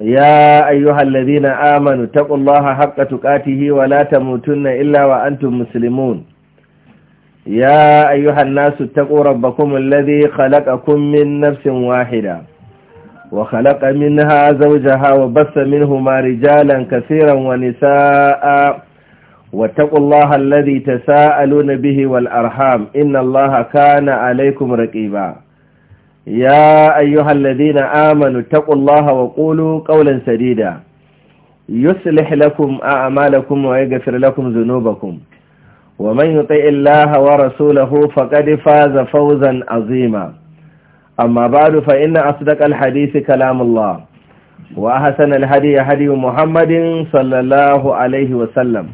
ya ayyuhal ladina amanu taqullaha haqqa tuqatihi wa la tamutunna illa wa'antu antum muslimun ya ayyuhan nasu taqu rabbakumul ladzi khalaqakum min nafsin wahida wa khalaqa minha zawjaha wa bassa minhuma rijalan katsiran wa nisaa wa taqullaha alladhi tasaaluna bihi wal arham innallaha kana alaykum raqiba يا أيها الذين آمنوا اتقوا الله وقولوا قولا سديدا يصلح لكم أعمالكم ويغفر لكم ذنوبكم ومن يطع الله ورسوله فقد فاز فوزا عظيما أما بعد فإن أصدق الحديث كلام الله وأحسن الهدي هدي محمد صلى الله عليه وسلم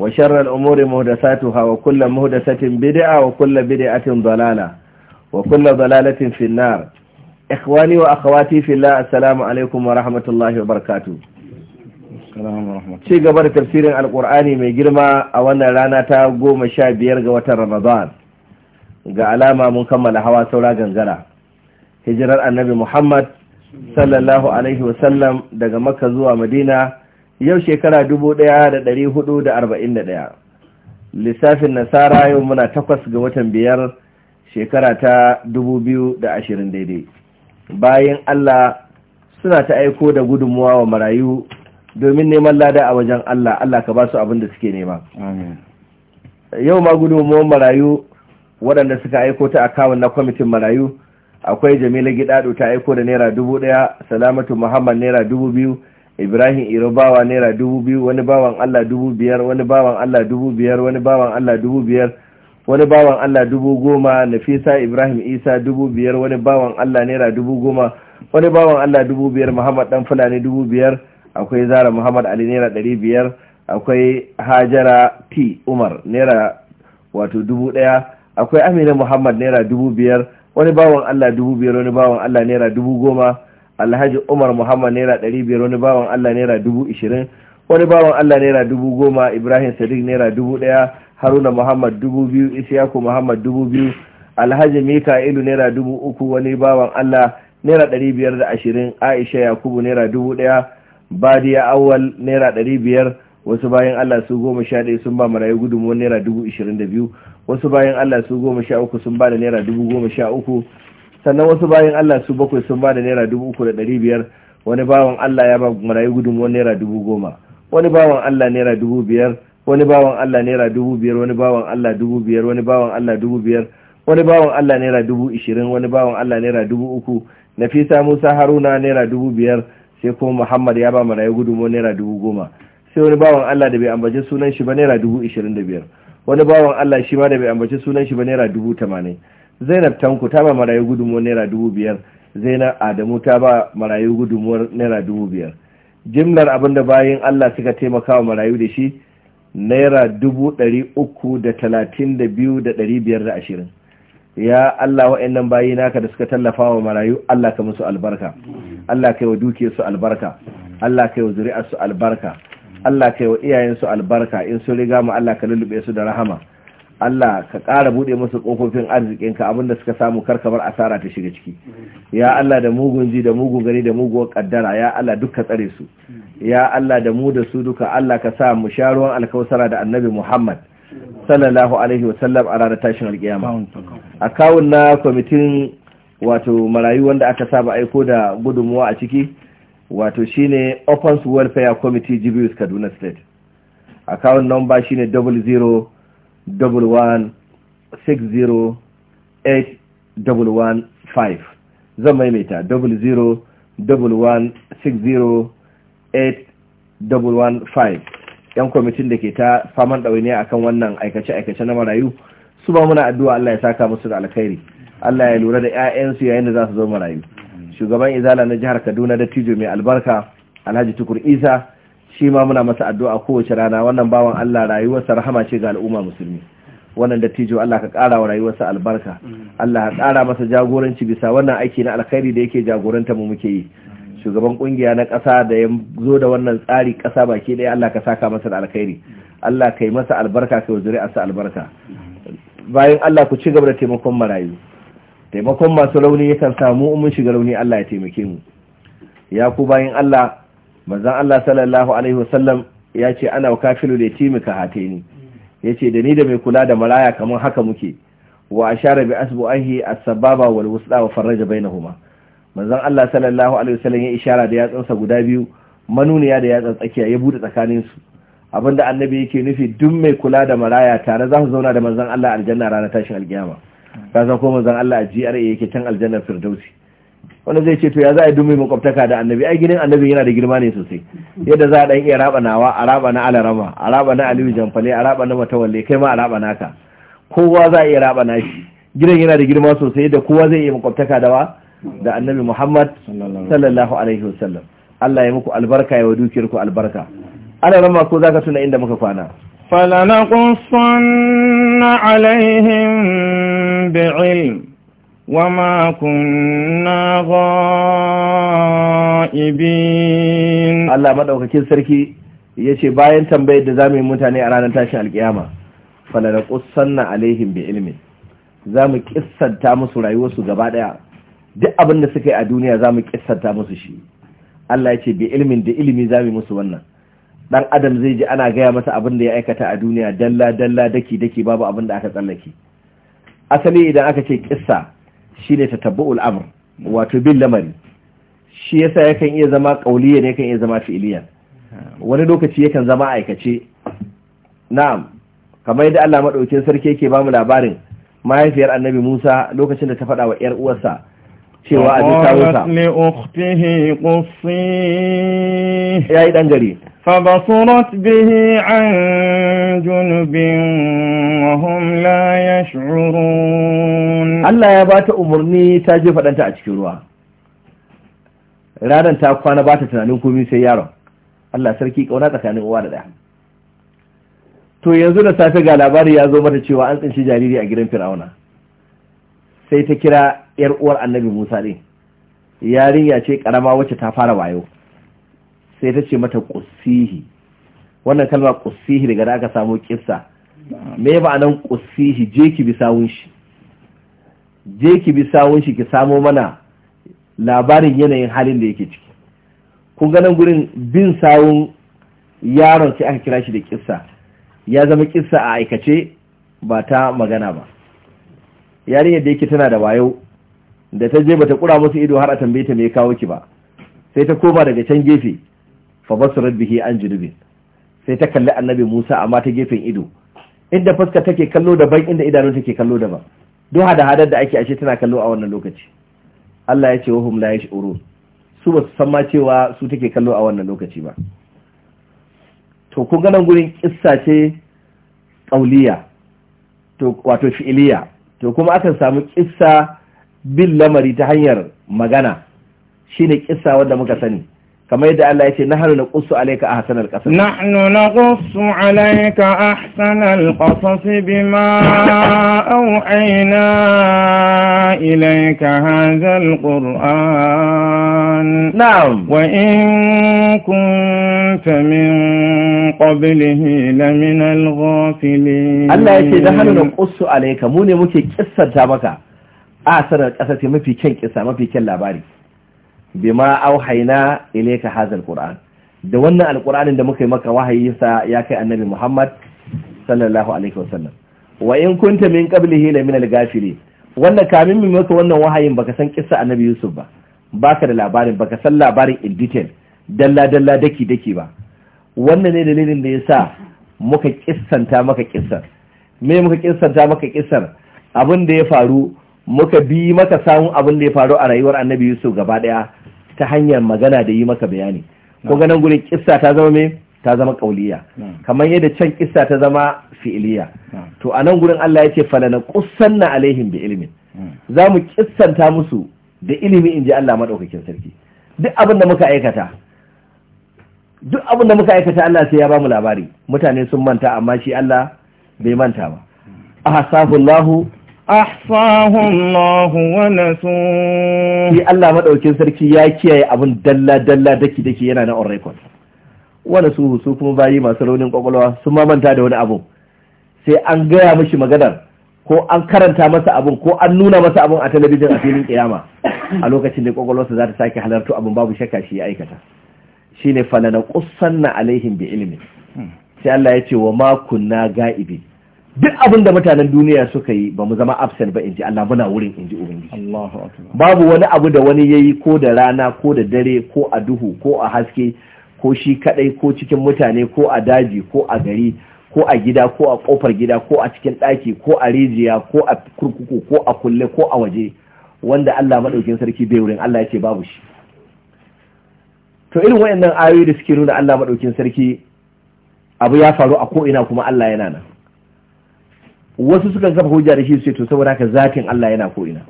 وشر الأمور مهدساتها وكل مهدسة بدعة وكل بدعة ضلالة وكل ضلالة في النار إخواني وأخواتي في الله السلام عليكم ورحمة الله وبركاته ci gaba da tafsirin alkur'ani mai girma a wannan rana ta goma sha biyar ga watan ramadan ga alama mun kammala hawa saura gangara hijirar annabi muhammad sallallahu alaihi sallam, daga makka zuwa madina yau shekara dubu ɗaya da ɗari hudu da arba'in da ɗaya lissafin nasara yau muna takwas ga watan biyar shekara ta da ashirin daidai bayan Allah suna ta aiko da gudunmuwa wa marayu domin neman lada a wajen Allah Allah ka ba su abin da suke nema yau ma gudunmuwan marayu waɗanda suka aiko ta akawun na kwamitin marayu akwai jamila gidado ta aiko da naira dubu ɗaya salamatu muhammad naira dubu biyu ibrahim irobawa naira dubu biyu wani bawan allah dubu biyar wani bawan allah dubu biyar wani bawan allah dubu biyar wani bawan Allah dubu goma Nafisa Ibrahim Isa dubu biyar wani bawan Allah Naira dubu goma wani bawan Allah dubu biyar Muhammad Dan Fulani dubu biyar akwai Zara Muhammad Ali Naira ɗari biyar akwai Hajara T Umar Naira wato dubu ɗaya akwai Amina Muhammad Naira dubu biyar wani bawan Allah dubu biyar wani bawan Allah Naira dubu goma Alhaji Umar Muhammad Naira ɗari biyar wani bawan Allah Naira dubu ishirin wani bawan Allah Naira dubu goma Ibrahim Sadiq Naira dubu ɗaya haruna muhammad dubu biyu ishaku muhammad dubu biyu alhaji mika'ilu naira dubu uku wani bawan allah naira ɗari biyar da ashirin aisha yakubu naira dubu ɗaya badiya awwal naira ɗari biyar wasu bayan allah su goma sha ɗaya sun ba marayu gudunmuwar naira dubu ishirin da biyu wasu bayan allah su goma sha uku sun ba da naira dubu goma sha uku sannan wasu bayan allah su bakwai sun ba da naira dubu uku da ɗari biyar wani bawan allah ya ba marayu gudunmuwar naira dubu goma wani bawan allah naira dubu biyar wani bawan Allah naira dubu biyar wani bawan Allah dubu biyar wani bawan Allah dubu biyar wani bawan Allah naira dubu ishirin wani bawan Allah naira dubu uku nafisa musa haruna naira dubu biyar sai kuma muhammad ya ba marayu gudunmu naira dubu goma sai wani bawan Allah da bai ambaci sunan shi ba naira dubu ishirin da biyar wani bawan Allah shi ma da bai ambaci sunan shi ba naira dubu tamanin zainab tanku ta ba marayu gudunmu naira dubu biyar zainab adamu ta ba marayu gudunmuwar naira dubu biyar jimlar abin da bayin Allah suka taimaka wa marayu da shi naira dubu ɗari uku da talatin da biyu da ɗari biyar da ashirin ya Allah wa'annan bayi naka da suka tallafa wa marayu Allah ka musu albarka Allah ka yi wa dukiyarsu albarka Allah ka yi wa zuri'arsu albarka Allah ka yi wa iyayensu albarka in sun riga ma Allah ka lullube su da rahama Allah ka ƙara buɗe musu ƙofofin arzikinka abinda suka samu karkamar asara ta shiga ciki ya Allah da mugun ji da mugun gani da muguwar ƙaddara ya Allah duka tsare su ya Allah da mu da su duka Allah ka sa mu sha ruwan alkawsara da annabi Muhammad sallallahu alaihi wa sallam a ranar tashin alƙiyama a kawun na kwamitin wato marayu wanda aka saba aiko da gudunmuwa a ciki wato shine Open Welfare Committee Jibius Kaduna State account number shine 00 double zan maimaita double zero double yan kwamitin da ke ta faman ɗawainiya akan wannan aikace-aikace na marayu su ba muna addu'a Allah ya saka musu da alkhairi Allah ya lura da 'ya'yansu yayin da za su zo marayu shugaban izala na jihar Kaduna da Tijo mai albarka Alhaji Tukur Isa shi ma muna masa addu'a kowace rana wannan bawan Allah rayuwarsa rahama ce ga al'umma musulmi wannan dattijo Allah ka ƙara wa rayuwarsa albarka Allah ka ƙara masa jagoranci bisa wannan aiki na alkhairi da yake jagoranta mu muke yi shugaban kungiya na kasa da ya zo da wannan tsari kasa baki ɗaya Allah ka saka masa da alkhairi Allah ka yi masa albarka ka a sa albarka bayan Allah ku ci gaba da taimakon marayu taimakon masu rauni yakan samu mun shiga rauni Allah ya taimake mu ya ku bayan Allah manzon Allah sallallahu alaihi wasallam ya ce ana kafilu da timi ka hateni ya ce da ni da mai kula da maraya kamar haka muke wa ashara bi asbu'ahi as-sababa wal wusla wa farraja bainahuma manzon Allah sallallahu alaihi wasallam ya ishara da yatsansa guda biyu manuniya da yatsan tsakiya ya buɗe tsakanin su abinda annabi yake nufi duk mai kula da maraya tare za su zauna da manzon Allah aljanna ranar tashin alkiyama ka san ko manzon Allah a GRA yake can aljannar Firdausi wanda zai ce to ya za a dumi makwabtaka da annabi ai gidan annabi yana da girma ne sosai yadda za a dan iya raba nawa a raba na alarama a raba na aliyu jamfale a raba na matawalle kai ma a raba naka kowa za a iya raba nashi gidan yana da girma sosai da kowa zai iya makwabtaka da wa da annabi muhammad sallallahu alaihi wasallam Allah ya muku albarka ya wa ku albarka alarama ko zaka tuna inda muka kwana فلنقصن عليهم بعلم وما كنا Allah الله sarki ya ce bayan tambayar da zamu yi mutane a ranar tashin alkiyama falana qussanna alaihim bi za mu kissanta musu rayuwarsu gaba daya duk abin da suka yi a duniya mu kissanta musu shi Allah ce bi ilmin da ilimi zamu musu wannan dan adam zai ji ana gaya masa abin da ya aikata a duniya dalla dalla daki daki babu abin da aka tsallake asali idan aka ce kissa shi ta tatabbu'ul amr wato bin lamari shi yasa yakan iya zama qauliyya ne yakan iya zama fi'liya wani lokaci yakan zama aikace na'am kamar yadda Allah madaukakin sarki yake ba mu labarin mahaifiyar annabi Musa lokacin da ta faɗa wa ‘yar uwarsa cewa a jinta wuta. Ya yi ɗangare. Fabasurat bihi an junubin wahum la ya Mm. Allah ya ba ta umarni ta je faɗanta a cikin ruwa ranar ta kwana ba ta tunanin komai sai yaron Allah sarki kauna tsakanin uwa da ɗaya to yanzu da safe ga labari ya zo mata cewa an tsinci jariri a gidan fir'auna sai ta kira yar uwar annabi musa ɗin yarinya ce karama wacce ta fara wayo sai ta ce mata ƙusihi. wannan kalma kusihi daga da aka samu kissa me ba nan kusihi je ki bi sawun shi je ki bi sawun shi ki samo mana labarin yanayin halin da yake ciki kun ganin gurin bin sawun yaron sai aka kira shi da kissa ya zama kissa a aikace ba ta magana ba yarinyar da yake tana da wayo da ta je bata kura musu ido har a tambaye ta me ya kawo ki ba sai ta koma daga can gefe fa basurat bihi an junubin sai ta kalli annabi Musa amma ta gefen ido inda fuska take kallo daban inda idanu take kallo daban duk hada-hadar da ake ashe tana kallo a wannan lokaci Allah ya ce wa hum la yash'urun su ba su san ma cewa su take kallo a wannan lokaci ba to kun ganin gurin kissa ce ƙauliya wato fi'iliya to kuma akan samu kissa bin lamari ta hanyar magana shine kissa wanda muka sani kamar yadda Allah ya ce nahnu naqussu alayka alaika qasas nahnu naqussu alayka ahsanal qasas bima awhayna ilayka hadzal qur'an na'am wa in kunta laminal ghafilin Allah ya ce nahnu naqussu alayka mu ne muke kissanta maka ahsanal ce mafi kyan kissa mafi kyan labari bima auhayna ilayka hadha alquran da wannan alquranin da muka yi maka wahayi sa ya kai annabi Muhammad sallallahu alaihi wasallam wa in kunta min qablihi la min al wannan kamin mu maka wannan wahayin baka san kissa annabi Yusuf ba baka da labarin baka san labarin in detail dalla dalla daki daki ba wannan ne dalilin da yasa muka kissanta maka kissar me muka kissanta maka kissar abin da ya faru muka bi maka samun abin da ya faru a rayuwar annabi Yusuf gaba daya ta hanyar magana da yi maka bayani ko ganin gurin kissa ta zama me ta zama kauliya kamar yadda can kissa ta zama fi'iliya to a nan gurin Allah ya ce falana qussanna alaihim bi ilmin za mu kissanta musu da ilimi in ji Allah madaukakin sarki duk abin da muka aikata duk abin da muka aikata Allah sai ya ba mu labari mutane sun manta amma shi Allah bai manta ba ahasabullahu ahsahu Allah wa nasu shi Allah madaukin sarki ya kiyaye abin dalla dalla daki daki yana na on record wanda su su kuma bayi masu raunin kwakwalwa sun mamanta da wani abu sai an gaya mishi maganar ko an karanta masa abun ko an nuna masa abun a talabijin a filin kiyama a lokacin da kwakwalwarsa za ta sake halartu abin babu shakka shi ya aikata shine falana qussanna alaihim bi ilmi sai Allah ya ce wa ma kunna ga'ibi duk abin da mutanen duniya suka yi ba mu zama absent ba in ji Allah muna wurin in ji Ubangiji. Babu wani abu da wani ya yi ko da rana ko da dare ko a duhu ko a haske ko shi kadai ko cikin mutane ko a daji ko a gari ko a gida ko a kofar gida ko a cikin daki ko a rijiya ko a kurkuku ko a kulle ko a waje wanda Allah madaukin sarki bai wurin Allah ya ce babu shi. To irin wayannan ayoyi da suke nuna Allah madaukin sarki abu ya faru a ko ina kuma Allah yana nan. wasu sukan kafa hujja da shi sai to saboda haka zatin Allah yana ko ina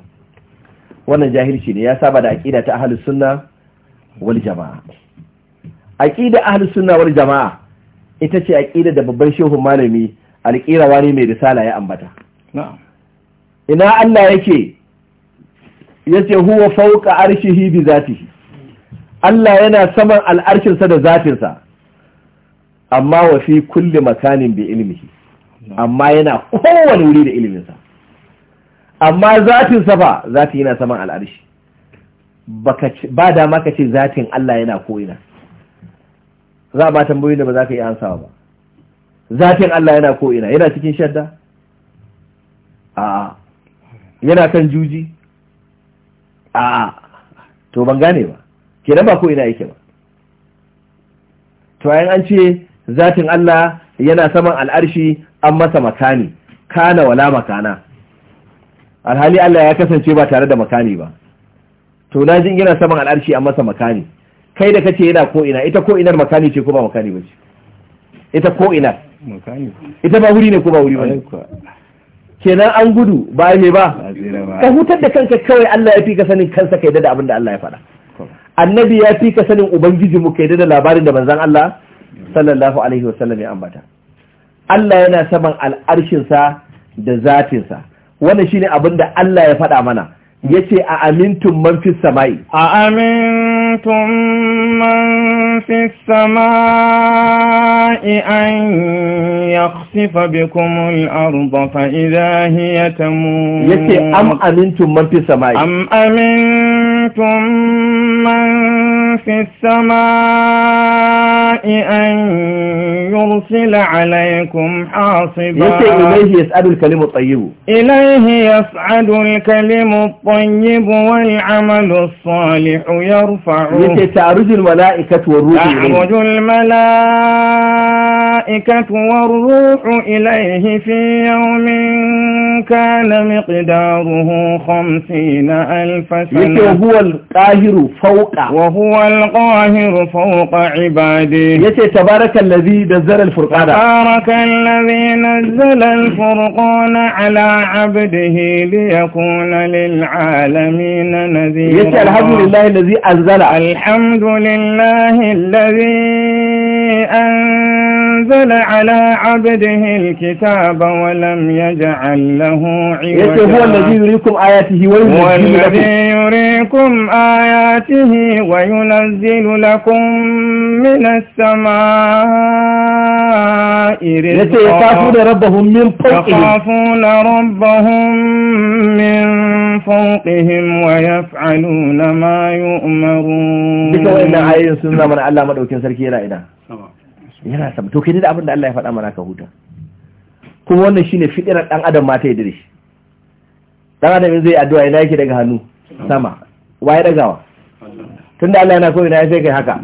wannan jahilci ne ya saba da aqida ta ahlus sunna wal jamaa aqida ahlus sunna wal jamaa ita ce aqida da babban shehu malami alqirawani mai risala ya ambata na'am ina Allah yake yace huwa fawqa arshihi bi zatihi Allah yana saman al'arshinsa da zatinsa amma wa fi kulli makanin bi ilmihi amma yana kowane wuri da iliminsa amma zatin safa zati yana saman al'arshi ba dama ka ce zatin Allah yana ko'ina za a ba tambayoyin da ba za ka yi hansawa ba zatin Allah yana ko'ina yana cikin shadda a yana kan juji a to ban gane ba kenan ba ko'ina yake ba to an ce zatin Allah yana saman al'arshi an masa makani kana wala makana alhali Allah ya kasance ba tare da makani ba to na jin yana saman al'arshi an masa makani kai da kace yana ko ina ita ko inar makani ce ko ba makani ba ce ita ko makani ita ba wuri ne ko ba wuri ba kenan an gudu ba me ba ka hutar da kanka kawai Allah ya fi ka sanin kansa kai da abin da Allah ya faɗa annabi ya fi ka sanin ubangiji mu kai da labarin da manzon Allah sallallahu alaihi wasallam ya ambata Allah yana saman al'arshinsa da zatinsa wannan shine abin da Allah ya faɗa mana yace a amintum man fis samai a amintum man fis samai an yakhsifa bikum al-ardha fa idha hiya tamur yace am amintum man fis samai am amintum man في السماء أن يرسل عليكم حاصبا إليه يسعد الكلم الطيب إليه يسعد الكلم الطيب والعمل الصالح يرفعه يتعرج الملائكة والروح تعرج الملائكة والروح إليه في يوم كان مقداره خمسين ألف سنة وهو القاهر فوق وهو هو القاهر فوق عباده يتي تبارك الذي نزل الفرقان تبارك الذي نزل الفرقان على عبده ليكون للعالمين نذيرا يتي الحمد لله الذي أنزل الحمد لله الذي أنزل أنزل على عبده الكتاب ولم يجعل له عوجا هو الذي يريكم آياته والذي يريكم آياته وينزل لكم من السماء رزقا يخافون ربهم من فوقهم يخافون ربهم من فوقهم ويفعلون ما يؤمرون duka wa'annan ayoyin sun zama na Allah madaukin sarki yana ina yana sama to kai da abin da Allah ya faɗa mana ka huta kuma wannan shine fidirar dan adam mata ya dire shi dan adam zai addu'a ina yake daga hannu sama waye dagawa tunda Allah yana so ina yake kai haka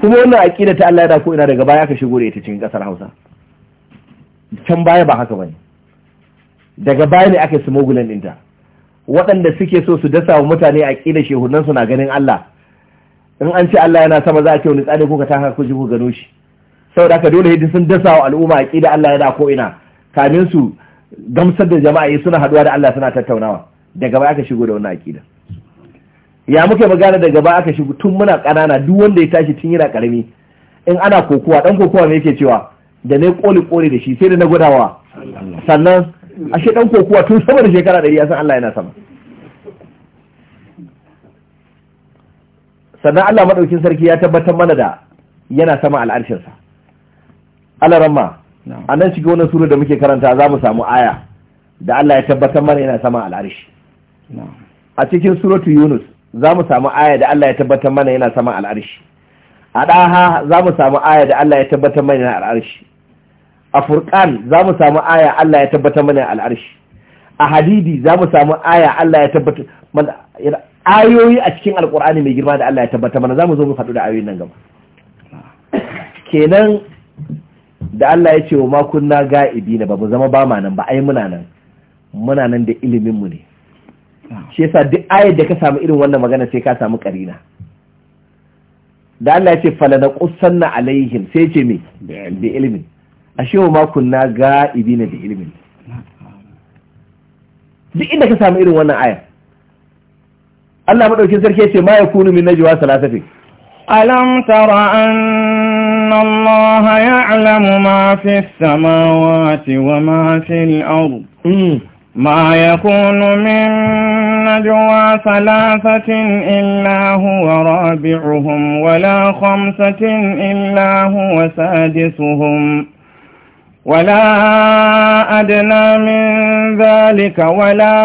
kuma wannan aqida ta Allah yana ko ina daga baya ka shigo da ita cikin kasar Hausa can baya ba haka bane daga baya ne aka yi smuggling dinta? waɗanda suke so su dasa wa mutane a ƙila shehunan na ganin Allah in an ce Allah yana sama za a ce wani tsani kuka taka ku ji ku gano shi saboda haka dole hidin sun dasa wa al'umma a ƙila Allah yana ko ina kamin su gamsar da jama'a yi suna haɗuwa da Allah suna tattaunawa da gaba aka shigo da wannan aƙida ya muke magana da gaba aka shigo tun muna ƙanana duk wanda ya tashi tun yana ƙarami in ana kokowa dan kokowa me yake cewa da na koli koli da shi sai da na gudawa sannan ashe ɗan kokuwa tun sama da shekara ɗari ya san Allah yana sama sannan Allah maɗaukin sarki ya tabbatar mana da yana sama al'arshinsa Allah ramma a nan cikin wannan sura da muke karanta za mu samu aya da Allah ya tabbatar mana yana sama al'arshi a cikin suratu yunus za mu samu aya da Allah ya tabbatar mana yana sama al'arshi a ɗaha za mu samu aya da Allah ya tabbatar mana yana al'arshi a furqan za mu samu aya Allah ya tabbata mana al'arshi a hadidi za mu samu aya Allah ya tabbata mana ayoyi a cikin alkur'ani mai girma da Allah ya tabbata mana za mu zo mu faɗu da ayoyin nan gaba kenan da Allah ya ce wa makunna ga'ibi na ba mu zama ba ma nan ba ai muna nan muna nan da ilimin mu ne shi yasa duk ayar da ka samu irin wannan magana sai ka samu karina da Allah ya ce falana qussanna alaihim sai ce me bi ilimin ashe wa makon na ga'ibi na bi ilimin duk inda ka samu irin wannan aya. Allah maɗaukin sarki ya ce ma ya kunu min najwa salasati alam tara anna Allah ya'lamu ma fi samawati wa ma fi al-ard ما يكون من نجوى ثلاثة إلا هو رابعهم ولا خمسة إلا هو سادسهم ولا أدنى من ذلك ولا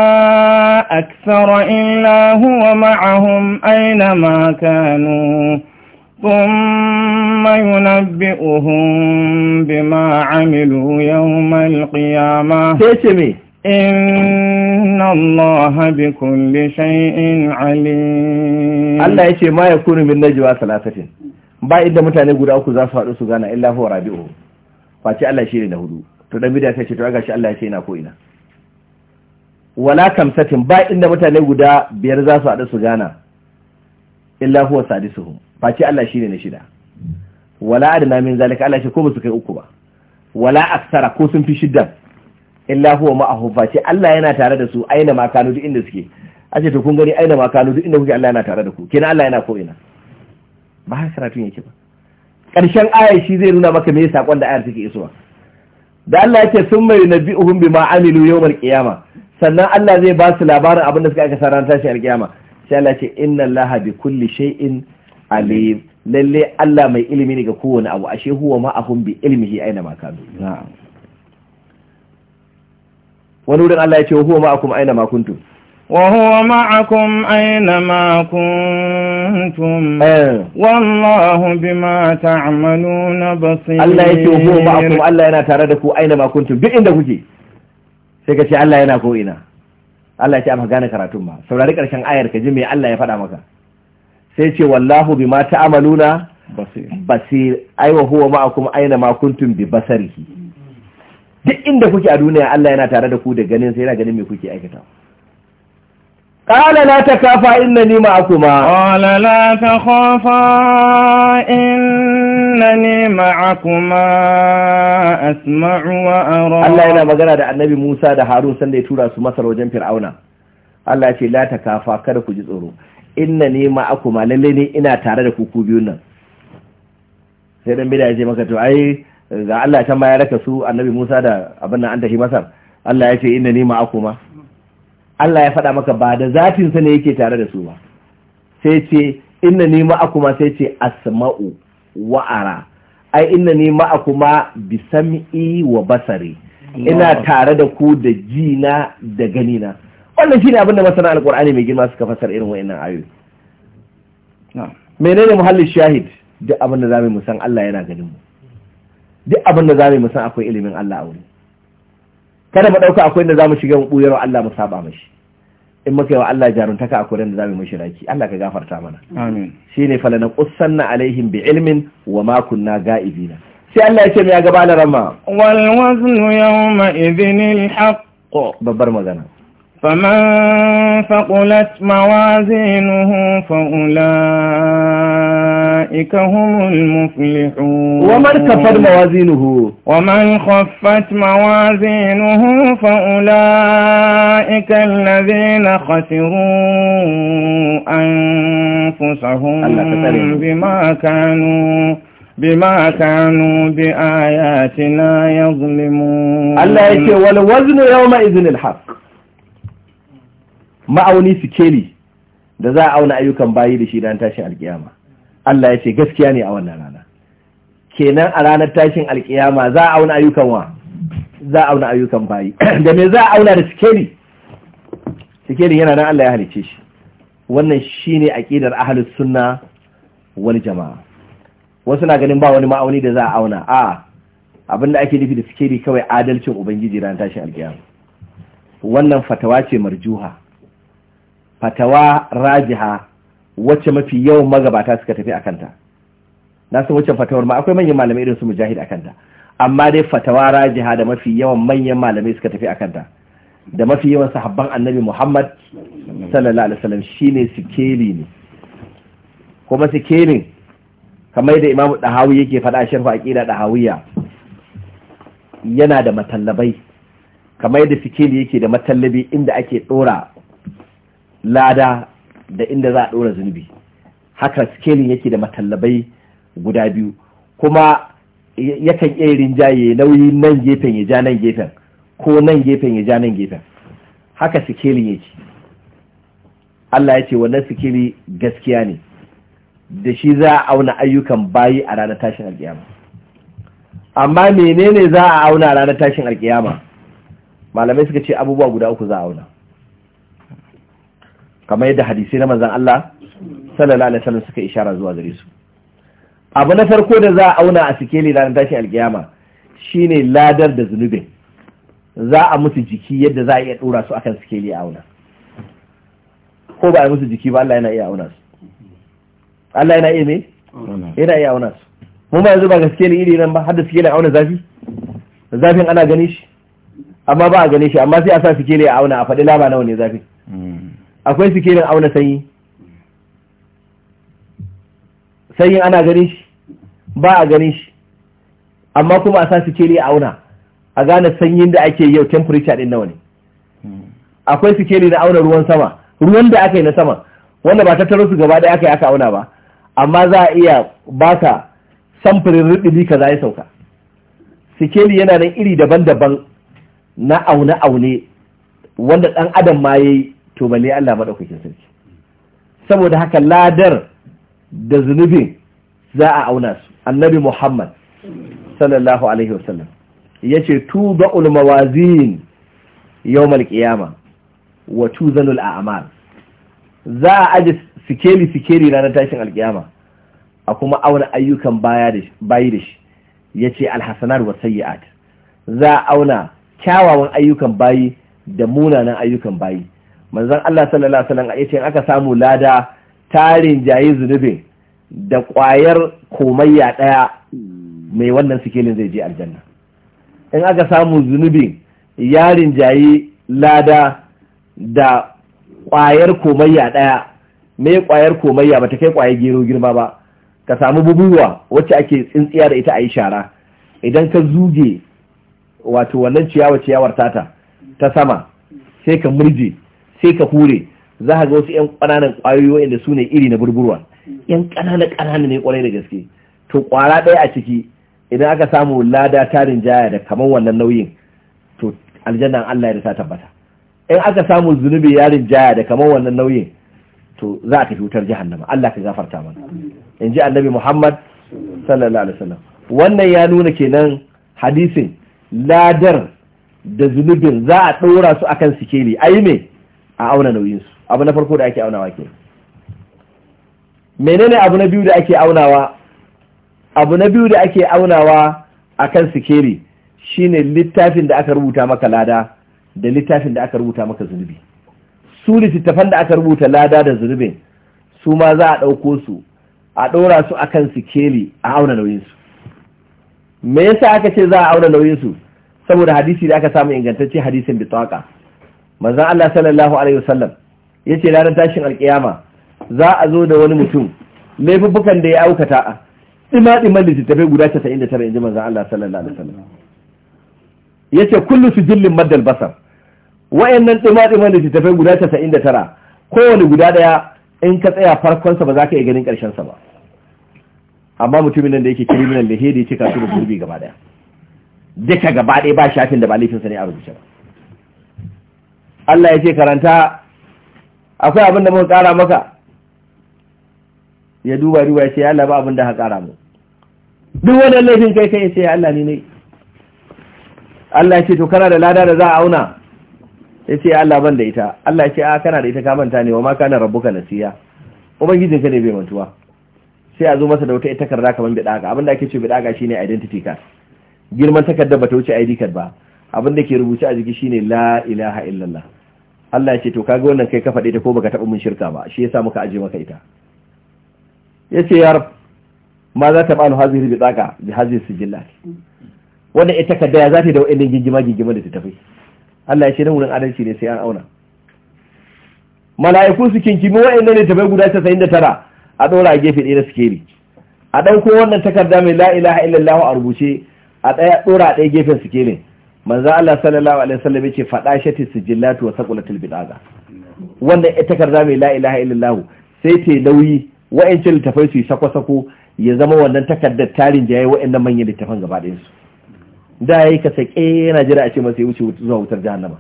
أكثر إلا هو معهم أينما كانوا ثم ينبئهم بما عملوا يوم القيامة إن الله بكل شيء عليم الله يشي ما يكون من نجوى ثلاثة ba inda mutane أكو uku za إلا هو su face Allah shi ne na hudu to dan bid'a sai ce to ga shi Allah ya ce ina ko ina wala kamsatin ba inda mutane guda biyar za su haɗu su gana illa huwa sadisuhum face Allah shi ne na shida wala adna min zalika Allah shi ko ba su kai uku ba wala aksara ko sun fi shiddan illa huwa ma'ahu face Allah yana tare da su aina ma kanu duk inda suke ace to kun gani aina ma kanu duk inda kuke Allah yana tare da ku kina Allah yana ko ina ba har karatun yake ba ƙarshen aya shi zai nuna maka me saƙon da ayar take isowa da Allah yake sun mai nabi'uhum bima amilu yawmal qiyama sannan Allah zai ba su labarin abin da suka aikata ranar tashi alƙiyama sai Allah ce inna Allah bi kulli shay'in alim lalle Allah mai ilimi ne ga kowane abu ashe huwa ma ahum bi ilmihi aina ma kanu wani wurin Allah ya ce huwa akum aina ma kuntum وهو معكم أينما كنتم والله بما تعملون بصير الله يتي معكم الله أنا تردك أينما كنتم بإن دكوكي سيكتي الله أنا كوئنا الله يتي أمه غانا كراتم سوراري كرشان آير كجمي الله يفعل أمك سيكي والله بما تعملون بصير بصير أي وهو معكم أينما كنتم ببصره duk inda kuke a duniya Allah yana tare da ku da ganin sai yana ganin me kuke aikatawa قال لا تخافا إنني معكما قال لا تخافا إنني معكما أسمع وأرى الله yana magana da annabi Musa da Harun sanda ya tura su Masar wajen Fir'auna Allah ya ce la takafa kada ku ji tsoro innani ma'akuma lalle ne ina tare da ku ku biyun nan sai dan bida ya ce maka to ai ga Allah ta ma ya raka su annabi Musa da abin nan an tafi Masar Allah ya ce innani ma'akuma Allah ya faɗa maka ba da zatinsa ne yake tare da su ba sai ce inna ni kuma sai ce asma'u wa'ara ai inna ni ma'akuma bi sam'i wa basari ina tare da ku da jina da ganina wannan shine abin da masana alqur'ani mai girma suka fasar irin wa'annan ayoyi menene muhallin shahid duk abin da zamu mu san Allah yana ganin mu duk abin da zamu san akwai ilimin Allah a wurin kada mu ɗauka akwai inda zamu shiga mu buyar Allah mu saba mashi in muka yi wa Allah jaruntaka akwai inda zamu mashi raki Allah ka gafarta mana amin shine falana qussanna alaihim bi ilmin wa ma kunna ga'ibina sai Allah ya ce mu ya gaba ma. wal waznu yawma idhinil haqq babbar magana فمن فقلت موازينه فأولئك هم المفلحون ومن كفر موازينه ومن خفت موازينه فأولئك الذين خسروا أنفسهم بما كانوا بما كانوا بآياتنا يظلمون الله يكي والوزن يومئذ الحق ma'auni sikeli da za a auna ayyukan bayi da shi ran tashin alkiyama Allah ya ce gaskiya ne a wannan rana kenan a ranar tashin alkiyama za a auna ayyukan wa za a auna ayyukan bayi da me za a auna da sikeli sikeli yana nan Allah ya halice shi wannan shine aqidar ahlus sunna wal jamaa wasu na ganin ba wani ma'auni da za a auna a abinda ake nufi da sikeli kawai adalcin ubangiji ran tashin alkiyama wannan fatawa ce marjuha fatawa rajiha wacce mafi yawan magabata suka tafi a kanta na san wacce fatawar ma akwai manyan malamai irin su mujahid a kanta amma dai fatawa rajiha da mafi yawan manyan malamai suka tafi a kanta da mafi yawan sahabban annabi muhammad sallallahu alaihi wasallam shine sikeli ne kuma sikelin kamar da imamu dahawi yake faɗa sharfa aqida dahawiya yana da matallabai kamar da sikeli yake da matallabi inda ake ɗora. lada da inda za a ɗora zunubi haka skelin yake da matallabai guda biyu kuma yakan iya rinjaye nauyi nan gefen ya ja nan gefen ko nan gefen ya ja nan gefen haka skelin yake Allah ya ce wannan sikili gaskiya ne da shi za a auna ayyukan bayi a ranar tashin alkiyama amma menene za a auna a ranar tashin alkiyama malamai suka ce abubuwa guda uku za a auna kamar yadda hadisai na manzan Allah sallallahu alaihi wasallam suka ishara zuwa gare su abu na farko da za a auna a sikeli ranar tashi alkiyama shine ladar da zunubin za a musu jiki yadda za a iya dora su akan sikeli auna ko ba a musu jiki ba Allah yana iya auna su Allah yana iya me yana iya auna su mun ba yanzu ba ga ne iri nan ba har da auna zafi zafin ana gani shi amma ba a gane shi amma sai a sa sikeli a auna a faɗi laba nawa ne zafin akwai sikirin auna sanyi sanyin ana ganin shi ba a ganin shi amma kuma a sa sikiri a auna a gane sanyin da ake yau temperature din nawa ne akwai sikiri na auna ruwan sama ruwan da aka yi na sama wanda ba tattaro su gaba daya aka yi aka auna ba amma za a iya ba ka samfurin rubili a ya sauka sikeli yana nan iri daban-daban na aune-aune wanda ɗan adam ma ya yi to balle Allah maɗaukakin sarki saboda haka ladar da zunubin za a auna su annabi muhammad sallallahu alaihi wasallam ya ce tuba ulmawazin yawmal qiyama wa tuzanul a'mal za a aje sikeli sikeli ranar tashin alkiyama a kuma auna ayyukan bayi da shi ya ce alhassanar wa sayi'at za a auna kyawawan ayyukan bayi da munanan ayyukan bayi manzon Allah sallallahu alaihi wasallam yace in aka samu lada tarin jayi zunubin da ƙwayar komayya ɗaya mai wannan sikelin zai je aljanna in aka samu zunubin yarin jayi lada da ƙwayar komayya ɗaya mai ƙwayar komayya ba ta kai ƙwaye gero girma ba ka samu bubuwa wacce ake tsintsiya da ita a yi shara idan ka zuge wato wannan ciyawa ciyawar tata ta sama sai ka murje sai ka hure za ka ga wasu yan ƙananan ƙwayoyi waɗanda su ne iri na burburwa yan ƙananan ƙananan ne ƙwarai da gaske to ƙwara ɗaya a ciki idan aka samu lada tarin jaya da kamar wannan nauyin to aljannan Allah ya ta tabbata in aka samu zunubi yarin jaya da kamar wannan nauyin to za a tafi wutar jahannama Allah ka gafarta mana in ji annabi Muhammad sallallahu alaihi wasallam wannan ya nuna kenan hadisin ladar da zunubin za a ɗora su akan sikeli ayi me a auna nauyinsu abu na farko da ake aunawa ke menene abu na biyu da ake aunawa abu na biyu da ake aunawa a kan sikeri shine littafin da aka rubuta maka lada da littafin da aka rubuta maka zunubi su littattafan da aka rubuta lada da zunubin su ma za a ɗauko su a ɗora su a kan sikeri a auna nauyinsu me yasa aka ce za a auna nauyinsu saboda hadisi da aka samu ingantacce hadisin bitaka manzon Allah sallallahu alaihi wasallam ce ranar tashin alkiyama za a zo da wani mutum laifuffukan da ya aukata a ɗima diman littattafai guda 99 ji manzon Allah sallallahu alaihi wasallam kullum su sujillin maddal basar wayannan dima diman littattafai guda 99 kowane guda ɗaya in ka tsaya farkonsa ba za ka iya ganin ƙarshen sa ba amma mutumin nan da yake criminal da ya cika su da gurbi gaba ɗaya duka gaba ɗaya ba shafin da ba laifinsa ne a rubuce ba Allah ya ce karanta akwai abin da mun kara maka ya duba duba ya ce Allah ba abin da ha kara mu duk wannan laifin kai kai sai Allah ne ne Allah ya ce to kana da lada da za a auna ya ce Allah ban da ita Allah ya ce a kana da ita ka manta ne wa ma kana rabbuka nasiya ka ne bai mantuwa sai a zo masa da wata ita takarda kamar bidaka abin da ake ce bidaka shine identity card girman takarda ba ta wuce ID card ba abin da ke rubuce a jiki shine la ilaha illallah Allah ya ce to kaga wannan kai ka faɗe ta ko baka taɓa mun shirka ba shi yasa muka aje maka ita yace ya rab ma za ta bani haziri bi tsaka bi haziri sijillat wannan ita ka daya za ta da wa'annan gigima gigima da ta tafi Allah ya ce nan wurin adalci ne sai an auna mala'iku su kinkimi wa'annan ne tabai guda 99 a dora a gefe ɗaya da sikeri a ko wannan takarda mai la ilaha illallah a rubuce a ɗaya dora a ɗaya gefen ne manzo Allah sallallahu alaihi wasallam yace shati sijillatu wa saqulatil bidaga wannan ita takarda mai la ilaha illallah sai ta nauyi wa'ancin littafai su sako-sako ya zama wannan takardar tarin da yayi wa'annan manyan littafan gaba ɗayan su da yayi ka sake yana jira a ce masa ya wuce zuwa wutar jahannama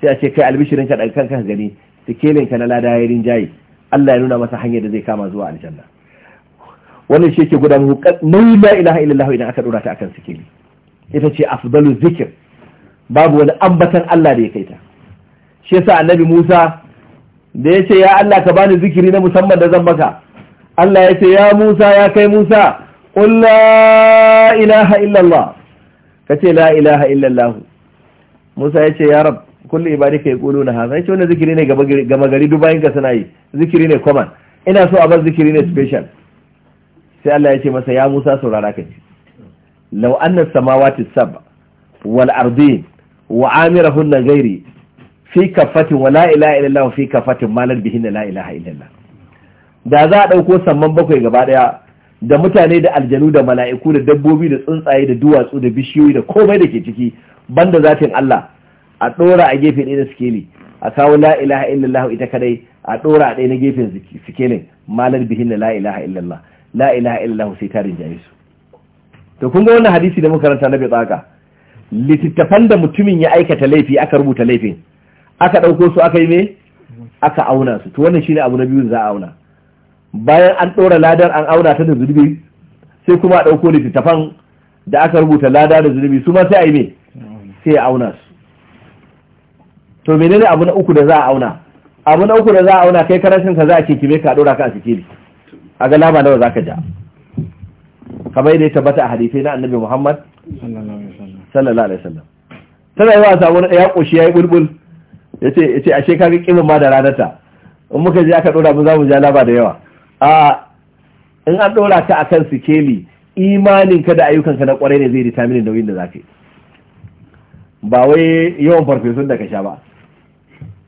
sai a ce kai albishirin ka daga kanka gani tikelin ka na lada ya jayi. Allah ya nuna masa hanyar da zai kama zuwa aljanna wannan shi yake gudanar nauyi la ilaha illallah idan aka dora ta akan sikeli ita ce afdalu zikir babu wani ambatan Allah da ya kai ta shi yasa annabi Musa da ya ce ya Allah ka bani zikiri na musamman da zan maka Allah ya ce ya Musa ya kai Musa qul la ilaha ka ce la ilaha Musa ya ce ya rab kullu ibadika yaquluna hadha yace wannan zikiri ne gama gari dubayin ka suna yi zikiri ne common ina so a bar zikiri ne special sai Allah ya ce masa ya Musa saurara ka law anna samawati sab wal ardin wa amirahunna gairi fi kafatin wa la ilaha illallah fi kafatin malar bihin la ilaha illallah da za a ɗauko samman bakwai gaba ɗaya da mutane da aljanu da mala'iku da dabbobi da tsuntsaye da duwatsu da bishiyoyi da komai da ke ciki banda zatin Allah a ɗora a gefe ɗaya na sikeli a kawo la ilaha illallah ita kadai a ɗora a ɗaya na gefen sikelin malar bihin la ilaha illallah la ilaha illallah sai tarin jaye su to kun ga wannan hadisi da muka karanta na bi tsaka littattafan da mutumin ya aikata laifi aka rubuta laifin aka ɗauko su aka yi me aka auna su to wannan shine abu na biyu za a auna bayan an ɗora ladar an auna ta da zunubi sai kuma a ɗauko littattafan da aka rubuta lada da zunubi su ma sai a yi me sai a auna su to menene abu na uku da za a auna abu na uku da za a auna kai karashin ka za a kinkime ka ɗora ka a sikili a ga lama nawa za ka ja kamar yadda ya tabbata a hadisai na annabi muhammad sallallahu alaihi wasallam tana yawa samu na ya koshi yayi bulbul ya ce ashe kaga kimin ma da ranarta in muka je aka dora mu zamu ja laba da yawa a in an dora ka akan sikeli imanin ka da ayyukan ka na kwarai ne zai determine nauyin da zaka yi ba wai yawan farfesun da ka sha ba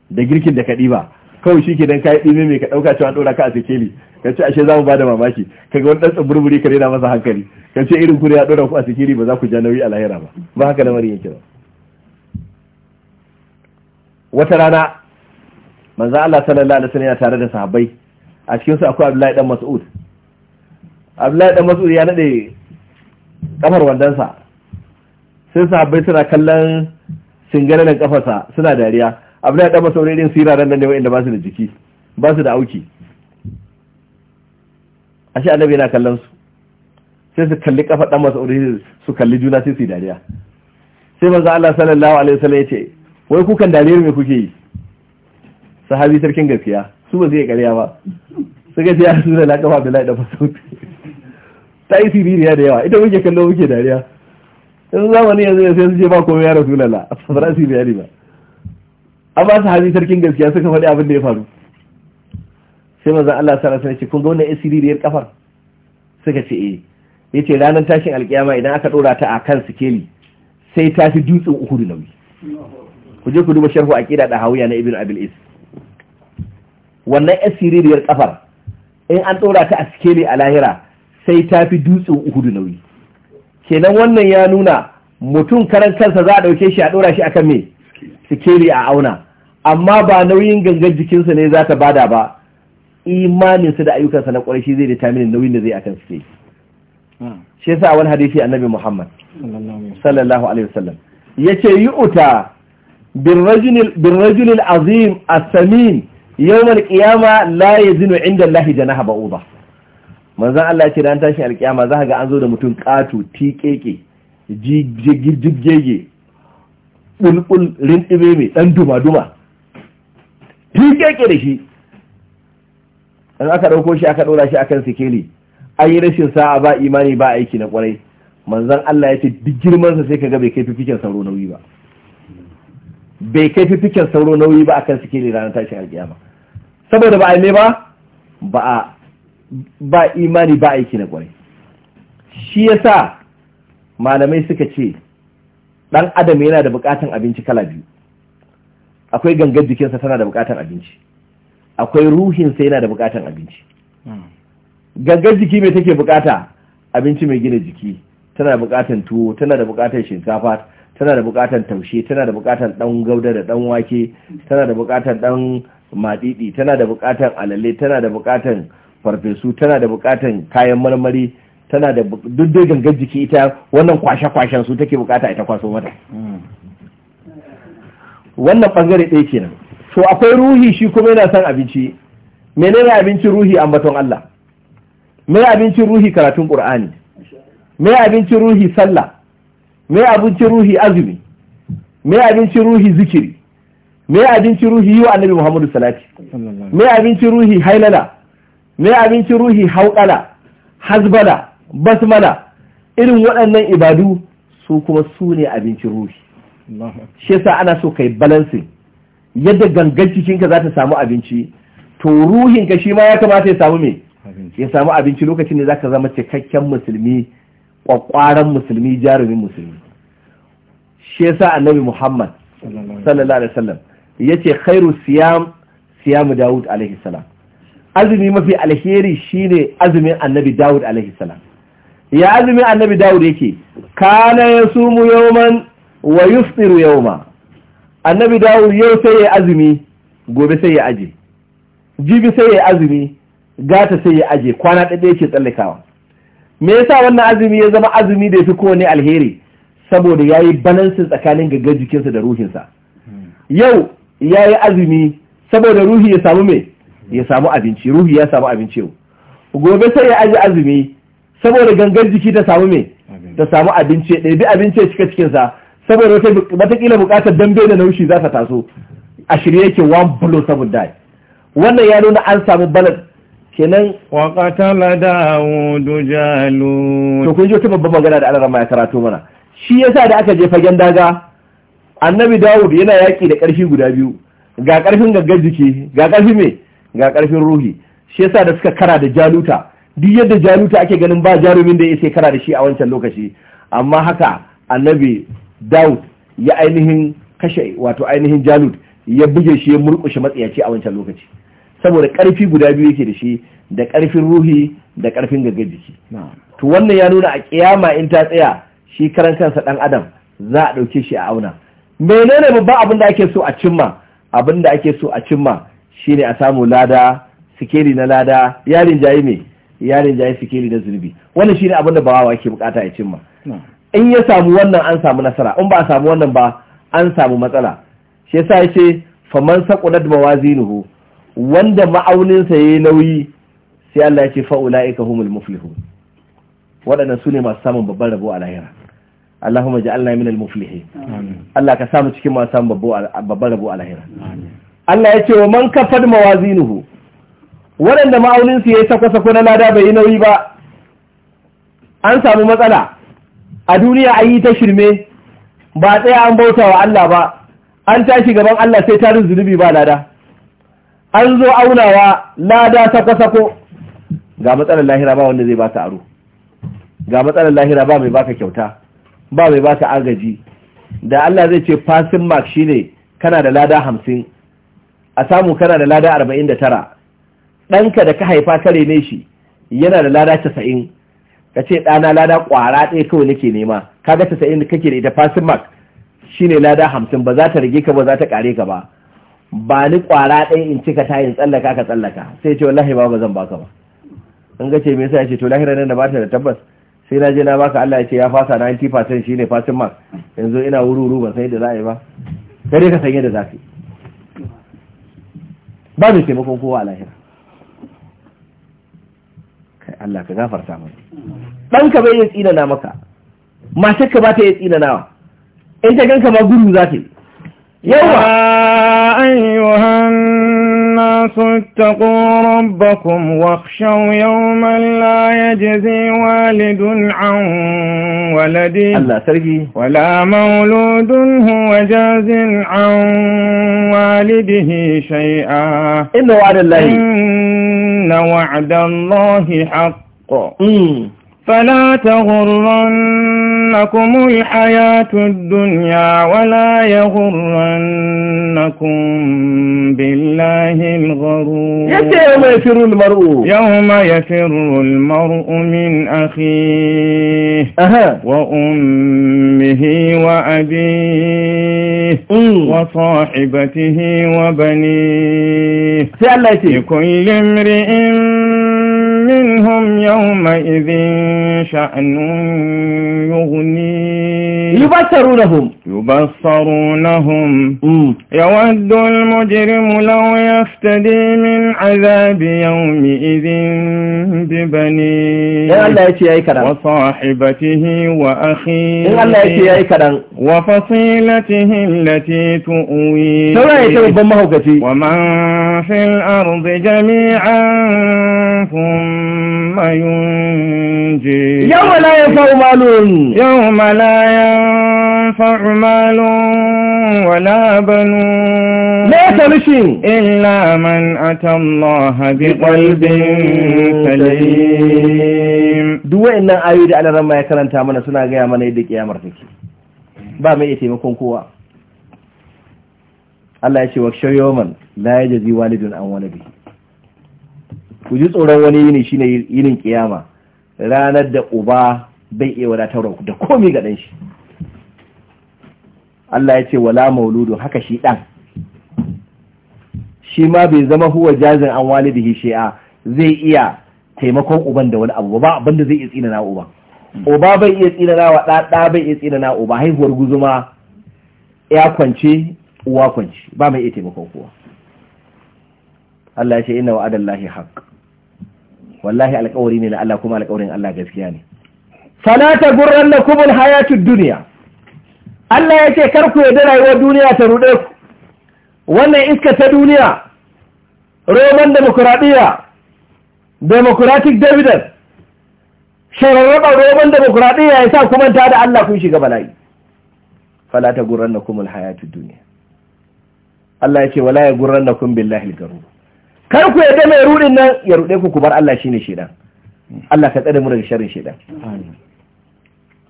da girkin da ka ba. kawai shi ke don kayi ɗime mai ka ɗauka cewa an ɗora ka a sikeli ka ce ashe za mu ba da mamaki kaga wani ɗan tsumburburi ka daina masa hankali kace ce irin kuri ya dora ku a sikiri ba za ku ja nauyi a lahira ba ba haka lamarin yake ba wata rana manzo Allah sallallahu alaihi wasallam ya tare da sahabbai a cikin su akwai Abdullahi dan Mas'ud Abdullahi dan Mas'ud ya nade kafar wandansa sai sahabbai suna kallon singalalan kafarsa suna dariya Abdullahi dan Mas'ud irin siraran nan ne wanda ba su da jiki ba su da auki ashe annabi yana kallon su sai su kalli kafa dan mas'ud su kalli juna sai su yi dariya sai manzo Allah sallallahu alaihi wasallam yace wai kukan dariyar me kuke yi sahabi sarkin gaskiya su ba zai kariya ba su ga ya su da laƙafa da laƙa fasauti ta yi siririya da yawa ita muke kallo muke dariya yanzu zamani yanzu ya sai su ce ba komai ya rasulullah lala a fasara siriya ne ba Amma sahabi sarkin gaskiya suka faɗi abin da ya faru sai manzo Allah alaihi wasallam yace kun ga wannan siriyar kafar suka ce eh ya ce ranar tashin alkiyama idan aka ɗora ta a kan sikeli sai ta fi dutsen da nauyi ku je ku duba sharhu aqida da hawiya na ibn abil is wannan asiririyar kafar in an ɗora ta a sikeli a lahira sai ta fi dutsen da nauyi kenan wannan ya nuna mutum karan kansa za a ɗauke shi a ɗora shi akan me sikeli a auna amma ba nauyin gangan jikinsa ne za ta bada ba imaninsa da ayyukansa na ƙwarai shi zai determine nauyin da zai akan sikeli shi yasa wani hadisi annabi Muhammad sallallahu alaihi wasallam yace yu'ta bin rajulil bin azim as-samin yawm al-qiyama la yazinu inda Allah janaha ba'udha manzon Allah yace dan tashi al-qiyama za ga an zo da mutum katu tikeke jigigigege bulbul rintibe mai dan duma duma tikeke da shi an aka dauko shi aka dora shi akan sikeli an yi rashin sa'a ba imani ba aiki na kwarai manzon Allah ya ce duk girmansa sai ka ga bai kai fifikin sauro nauyi ba bai kai fifikin sauro nauyi ba akan suke ne ranar tashin alkiyama saboda ba a ba ba ba imani ba aiki na kwarai shi yasa malamai suka ce dan adam yana da bukatan abinci kala biyu akwai gangar jikinsa tana da bukatan abinci akwai ruhinsa yana da bukatan abinci gangar jiki mai take bukata abinci mai gina jiki tana bukatan tuwo tana da bukatan shinkafa tana da bukatan taushe tana da bukatan dan gauda da dan wake tana da bukatan dan madidi tana da bukatan alale tana da bukatan farfesu tana da bukatan kayan marmari tana da duk dai gangar jiki ita wannan kwashe-kwashen su take bukata ita kwaso mata wannan bangare ɗaya kenan to akwai ruhi shi kuma yana son abinci menene abincin ruhi ambaton Allah mai abincin ruhi karatun ƙur'ani mai abincin ruhi sallah mai abincin ruhi azumi mai abincin ruhi zikiri mai abincin ruhi yi wa annabi muhammadu salati mai abincin ruhi hailala mai abincin ruhi hauƙala hasbala basmala irin waɗannan ibadu su kuma su ne abincin ruhi shi yasa ana so kai balansin yadda gangan cikinka za ta samu abinci to ruhinka shi ma ya kamata ya samu me ya samu abinci lokacin da zaka zama cikakken musulmi kwakwaran musulmi jarumin musulmi shi yasa annabi Muhammad sallallahu alaihi wasallam yace khairu siyam siyamu Dawud alaihi salam azumi mafi alheri shine azumin annabi Dawud alaihi salam ya azumin annabi Dawud yake kana yasumu yawman wa yufṭiru yawma annabi Dawud yau sai ya azumi gobe sai ya aje jibi sai ya azumi gata sai ya aje kwana ɗaya ke tsallakawa me yasa wannan azumi ya zama azumi da ya fi kowane alheri saboda ya yi balansin tsakanin gaggar jikinsa da ruhinsa yau ya yi azumi saboda ruhi ya samu me ya samu abinci ruhi ya samu abinci yau gobe sai ya aje azumi saboda gangar jiki ta samu me ta samu abinci ya ɗabi abinci ya cika cikinsa saboda watakila buƙatar dambe da naushi za ta taso a shirye yake one blow saboda dai. wannan ya nuna an samu balance kenan wa qatala daudu jalut to kun ji wata babban magana da Allah ya karato mana shi yasa da aka je fagen daga annabi dawud yana yaki da karfi guda biyu ga karfin gaggar jiki ga karfi me ga karfin ruhi shi yasa da suka kara da jaluta duk yadda jaluta ake ganin ba jarumin da yake kara da shi a wancan lokaci amma haka annabi dawud ya ainihin kashe wato ainihin jalut ya buge shi ya murƙushe matsiyaci a wancan lokaci saboda ƙarfi guda biyu yake da shi da ƙarfin ruhi da ƙarfin gangar jiki to wannan ya nuna a kiyama in ta tsaya shi karan kansa dan adam za a ɗauke shi a auna menene babban abin da ake so a cimma abin da ake so a cimma shine a samu lada sikeli na lada yarin jayi me yarin jayi sikeli na zunubi wannan shine abin da bawawa yake bukata ya cimma in ya samu wannan an samu nasara in ba a samu wannan ba an samu matsala shi yasa yace faman saqulat mawazinuhu wanda ma'auninsa yayi nauyi sai Allah ya ce fa ulaika humul muflihu waɗannan su ne masu samun babban rabo a lahira Allahumma ja'alna min al-muflihin Allah ka samu cikin masu samun babban rabo a lahira Allah ya ce wa man kafad mawazinuhu waɗanda ma'aunin ya yayi sako-sako na lada bai yi nauyi ba an samu matsala a duniya an yi ta shirme ba tsaya an bauta wa Allah ba an tashi gaban Allah sai tarin zunubi ba lada an zo aunawa lada sako-sako ga matsalar lahira ba wanda zai ba ta aro ga matsalar lahira ba mai baka kyauta ba mai baka agaji da Allah zai ce fasin mark shine kana da lada hamsin a samu kana da lada arba'in da tara ɗanka da ka haifa kare ne shi yana da lada casa'in ka ce ɗana lada ƙwara ɗaya kawai nake nema kaga casa'in da kake da ita fasin mark shine lada hamsin ba za ta rage ka ba za ta ƙare ka ba ba ni kwara ɗaya in cika ta in tsallaka ka tsallaka sai ce wallahi ba ba zan baka ba in ga ce me yasa ya ce to lahira nan da bata da tabbas sai na je na baka Allah ya ce ya fasa 90% shine fasin mark yanzu ina wururu ban sai da za'i ba sai dai ka sanye da zafi ba mai taimakon kowa a lahira kai Allah ka gafarta Dan ka bai tsina tsinana maka matar ka ba ta iya tsinanawa in ta ganka ma gudu za ta yi يا أيها الناس اتقوا ربكم واخشوا يوما لا يجزي والد عن ولده ولا مولود هو جاز عن والده شيئا إن وعد الله إن وعد الله حق فلا تغرنكم الحياة الدنيا ولا يغرنكم بالله الغرور يوم يفر المرء يوم يفر المرء من أخيه أها وأمه وأبيه وصاحبته وبنيه لكل امرئ منهم يومئذ شأن يغنيه يبشرونهم يبصرونهم يود المجرم لو يفتدي من عذاب يومئذ ببنيه وصاحبته وأخيه وفصيلته التي تؤويه ومن في الأرض جميعا ثم ينجيه يوم لا ينفع مال يوم لا ينفع ينفع مال ولا بنون إلا من أتى الله بقلب سليم دوين إننا ayoyi da رمى ma ya karanta mana suna gaya mana yadda kiyamar take ba mai iya taimakon kowa Allah ya ce wa shayyoman la yajzi an tsoron wani yini shine yinin kiyama ranar da uba bai iya wadatar da komi ga dan shi Allah ya ce wala mauludu haka shi ɗan shi ma bai zama huwa jazin an da shi'a zai iya taimakon uban da wani abu ba abin da zai iya tsina na uba uba bai iya tsina na wa ɗaɗa bai iya tsina na uba haihuwar guzuma ya kwance uwa kwance ba mai iya taimakon kowa Allah ya ce ina wa'adallahi haqq wallahi alƙawari ne na Allah kuma alƙawarin Allah gaskiya ne fala tagurrannakum alhayatud duniya. Allah ya ce kar ku yarda rayuwar duniya ta ruɗe ku wannan iska ta duniya roman demokuraɗiyya democratic dividend shararraba roman demokuraɗiyya ya sa kuma ta da Allah kun shiga bala'i fala ta gurran na kuma hayatu duniya Allah ya ce wala ya gurran na kun lahil garu kar ku dama mai ruɗin nan ya ruɗe ku ku bar Allah ne shaidan. Allah ka tsada mura daga sharin shaidan. amin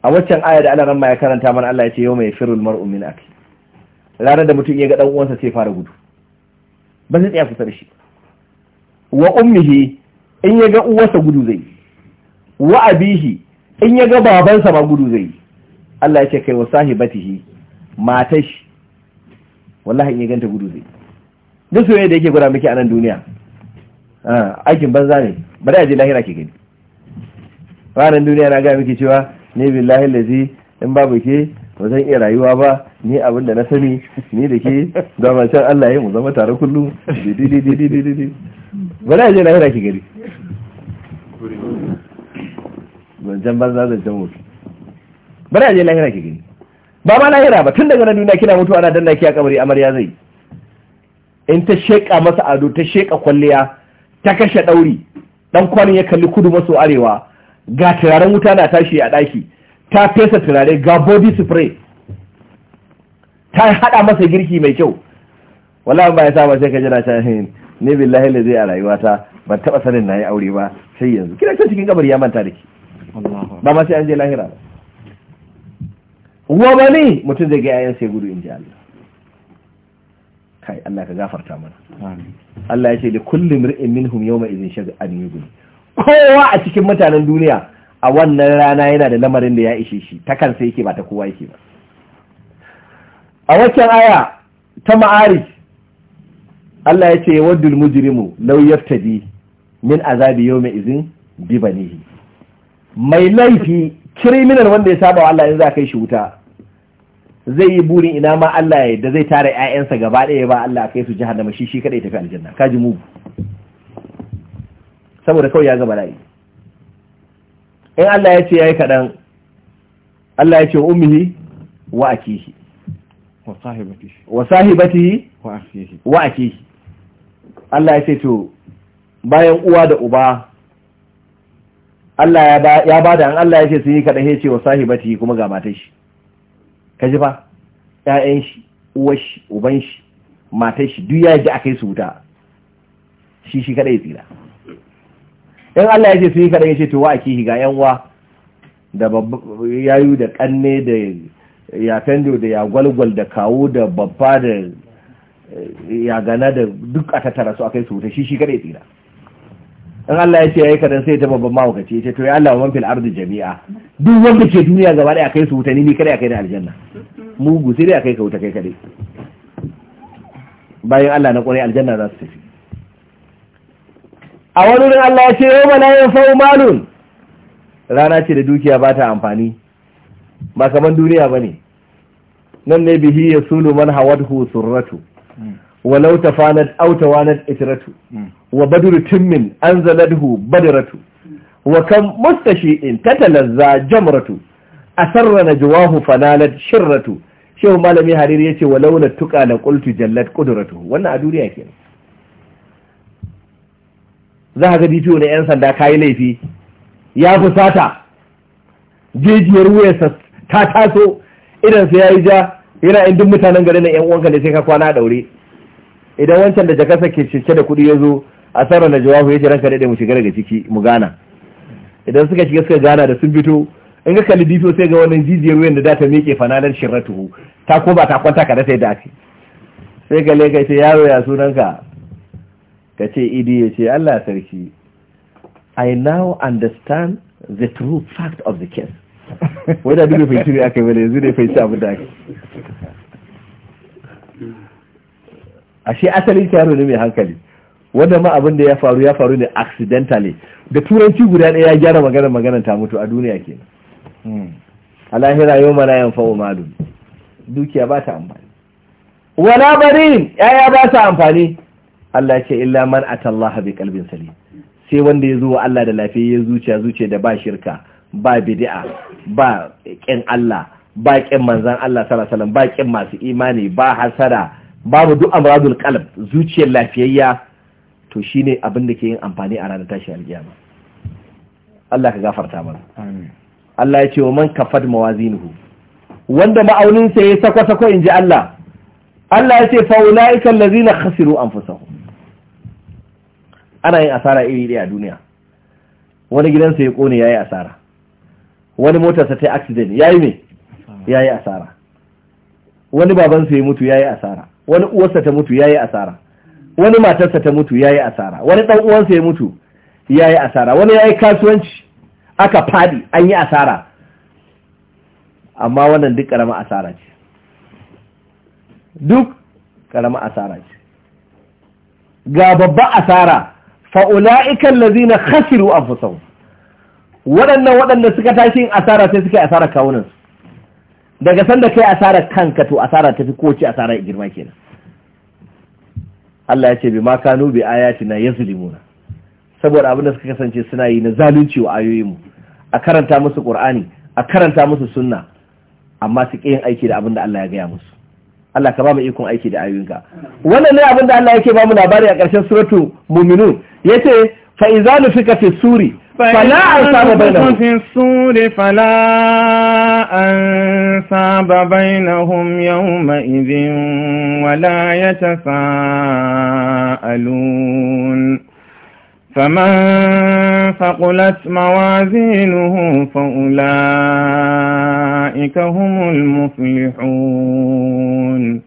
a waccan aya da Allah ramma ya karanta mana Allah ya ce yau mai firul mar'u min akli ranar da mutum ya ga dan uwansa sai fara gudu ba zai tsaya kusa da shi wa ummihi in ya ga uwarsa gudu zai wa abihi in ya ga babansa ba gudu zai Allah ya ce kai wa sahibatihi matashi wallahi in ya ganta gudu zai duk soyayya da yake gura miki a nan duniya aikin banza ne bari a je lahira ke gani ranar duniya na ga miki cewa ne billahi lazi in babu ke ba zan iya rayuwa ba ni abin da na sani ni da ke da mace Allah ya mu zama tare kullum ba na je na hira ki gari zancen banza zancen mutu ba na je na hira ki gari ba ma na hira ba tun daga nan duniya kina mutu ana danna ki a kabari amarya zai in ta sheka masa ado ta sheka kwalliya ta kashe dauri dan kwanin ya kalli kudu maso arewa ga turaren wuta na tashi a ɗaki ta fesa turare ga body spray ta haɗa masa girki mai kyau wallahi ba ya sa ba sai ka jira hin ne billahi la zai a rayuwata ban taɓa sanin na yi aure ba sai yanzu kina can cikin kabari ya manta da ki ba ma sai an je lahira ba wa mutum zai ga yayan sai gudu in ji Allah kai Allah ka gafarta mana Allah ya ce li kulli mar'in minhum yawma idhin an yughni kowa a cikin mutanen duniya a wannan rana yana da lamarin da ya ishe shi ta kansa yake ba ta kowa yake ba a waccan aya ta ma'ari Allah ya ce waddul mujrimu law yaftadi min azabi yawmi izin bi ne. mai laifi criminal wanda ya saba wa Allah in za kai shi wuta zai yi burin ina ma Allah ya da zai tara 'ya'yansa gaba ɗaya ba Allah kai su jahannama shi shi kadai tafi aljanna kaji mu. saboda kawai ya ga bala'i in Allah ya ce ya yi kaɗan Allah ya ce wa ummihi wa akihi wa sahibatihi wa akihi Allah ya ce to bayan uwa da uba Allah ya ba da an Allah ya ce sun yi kaɗan ya ce wa sahibatihi kuma ga matar shi ka ji fa ‘ya'yan shi uwar shi uban shi matar shi duk ya ji aka yi su wuta shi shi kaɗai tsira in Allah ya ce sun yi kaɗan ya ce to wa a kihi ga yanwa da yayu da kanne da ya fendo da ya gwalgwal da kawo da babba da eh, ya gana da duk a tattara su a kai su wuta shi shi kaɗai tsira in Allah ya ce ya yi kaɗan sai ta babban mahaukaci ya ce to ya Allah wa man fil ardi jami'a duk wanda ke duniya gaba ɗaya a kai su wuta ni ni a kai da aljanna mugu sai dai a kai ka wuta kai kaɗai bayan Allah na ƙwarai aljanna za su tafi a wani wurin Allah ya ce yau ma yin fa’u malun rana ce da dukiya ba ta amfani ba kamar duniya ba ne. nan ne bihi sulu man hawadhu surratu walau fanat auta wanat itratu hmm. wa Badur timmin anzaladhu badratu wa kan in mustashi'in tatalazza jamratu A na jawahu fanalat shirratu shehu malami hariri ya ce wa launa tuka na kultu jallat kuduratu wannan a duniya kenan za ka ga DPO na 'yan sanda kayi laifi ya fusata jijiyar wuyarsa ta taso idansa ya yi ja yana in duk mutanen garin na 'yan uwanka ne sai ka kwana daure idan wancan da jakasa ke cike da kuɗi ya zo a tsara na jawabu ya ce ranka daɗe mu shiga daga ciki mu gana idan suka shiga suka gana da sun fito in ka kalli dito sai ga wannan jijiyar wuyan da da ta miƙe fananar tuhu ta koma ta kwanta ka da sai ake sai ga ka ce yaro ya sunanka ka ce idi ya ce Allah sarki I now understand the true fact of the case wadda duk da fahimci ne aka yi wani yanzu ne fahimci abin da aka ashe asali yaro ne mai hankali wanda ma abin da ya faru ya faru ne accidentally da turanci guda ɗaya ya gyara magana magana ta mutu a duniya kenan hmm. a lahira yau mana yan fa'o malu dukiya ba ta amfani wala barin yaya ba ta amfani Allah ce illa man atallaha bi kalbin salim sai wanda ya zo wa Allah da lafiya zuciya zuciya da ba shirka ba bid'a ba kin Allah ba kin manzon Allah sallallahu alaihi wasallam ba kin masu imani ba hasara babu duk amradul qalb zuciyar lafiyayya to shine abin da ke yin amfani a ranar tashi alkiyama Allah ka gafarta mana amin Allah ya ce wa man kafad mawazinuhu wanda ma'aunin ma'auninsa ya sako-sako in ji Allah Allah ya ce fa'ula'ika allazina khasiru anfusahum ana yin asara iri ɗaya a duniya wani gidansa ya kone ya yi asara wani motarsa ta yi accident ya yi me ya yi asara wani babansa ya mutu ya yi asara wani uwarsa ta mutu ya yi asara wani matarsa ta mutu ya yi asara wani ɗan uwansa ya mutu ya yi asara wani ya yi kasuwanci aka fadi an yi asara amma wannan duk ƙarama asara ce duk ƙarama asara ce ga babba asara fa'ula'ika hasiru a fusau. waɗannan waɗanda suka tashi asara sai suka yi asara kawunan daga sanda kai asara kanka to asara tafi ko ce asara girma ke nan. Allah ya ce bi ma na ya ayatina saboda abin da suka kasance suna yi na zalunci wa ayoyinmu a karanta musu ƙur'ani, a karanta musu sunna amma su ƙi yin aiki da abin da Allah ya gaya musu Allah ka ba mu ikon aiki da ayyuka wannan ne abin da Allah yake ba mu labari a ƙarshen suratu mu'minun yace fa idza nufika fi suri fala ansaba bainahum fi suri fala ansaba bainahum yawma idhin wala yatasaalun فمن ثقلت موازينه فأولئك هم المفلحون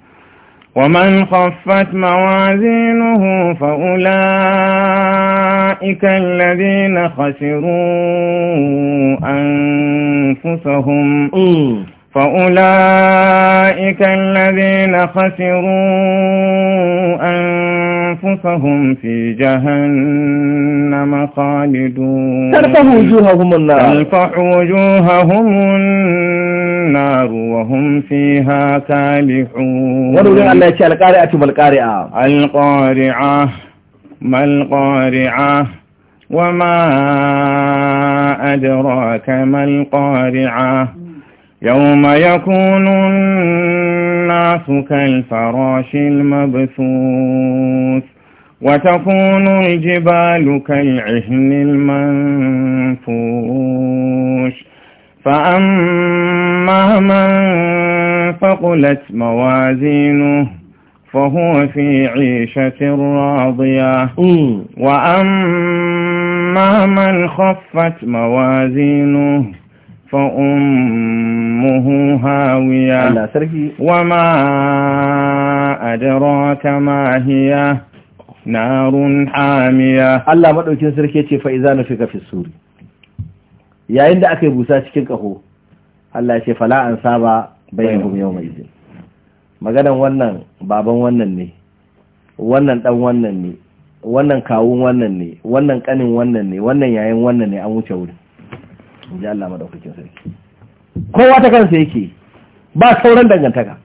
ومن خفت موازينه فأولئك الذين خسروا أنفسهم فأولئك الذين خسروا أنفسهم في جهنم خالدون تلفح وجوههم النار تلفح وجوههم النار وهم فيها كالحون ونرى أن يشاء القارعة ما القارعة القارعة ما القارعة وما أدراك ما القارعة يوم يكون الناس كالفراش المبثوث وتكون الجبال كالعهن المنفوش فأما من فقلت موازينه فهو في عيشة راضية وأما من خفت موازينه فأمه هاوية وما أدراك ما هي نار حامية الله مدوكين سركي فإذا نفك في السور yayin da aka busa cikin kaho, Allah ya ce fala an saba bainahum yawma idin maganan wannan baban wannan ne wannan dan wannan ne wannan kawun wannan ne wannan kanin wannan ne wannan yayin wannan ne an wuce wuri. in ji Allah madaukakin sarki kowa ta kansa yake ba sauran dangantaka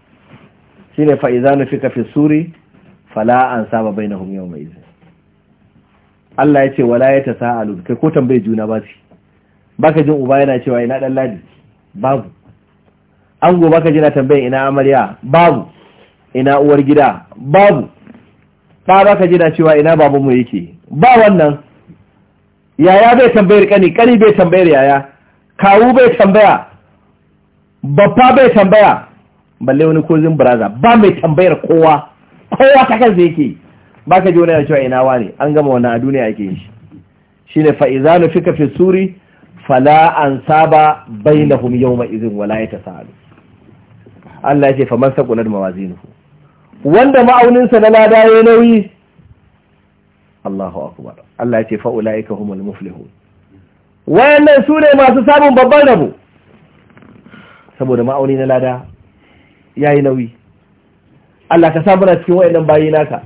shine fa idza nufika fi suri fala an saba bainahum yawma idh Allah ya ce wala ya tasaalu kai ko tambaye juna ba shi baka jin uba yana cewa ina dan ladi babu an gobe ka jina tambaye ina amarya babu ina uwar gida babu ba baka jina cewa ina babanmu yake ba wannan yaya bai tambayar kani kani bai tambayar yaya kawu bai tambaya babba bai tambaya balle wani kozin braza ba mai tambayar kowa kowa ta zai ke ba ka ji wani yana cewa ina wa ne, an gama wannan a duniya ake yi shi ne fa'izanu fika fi suri fala an saba bai na hum yau ma izin wala ya ta sa'adu Allah ya ce fa faman saƙunar ku. wanda ma'auninsa na lada ya nauyi Allahu akbar Allah ya ce fa'ula'ika humul muflihun wayannan su ne masu samun babban rabo saboda ma'auni na lada ya yi nauyi Allah ka samu na cikin wayannan bayi naka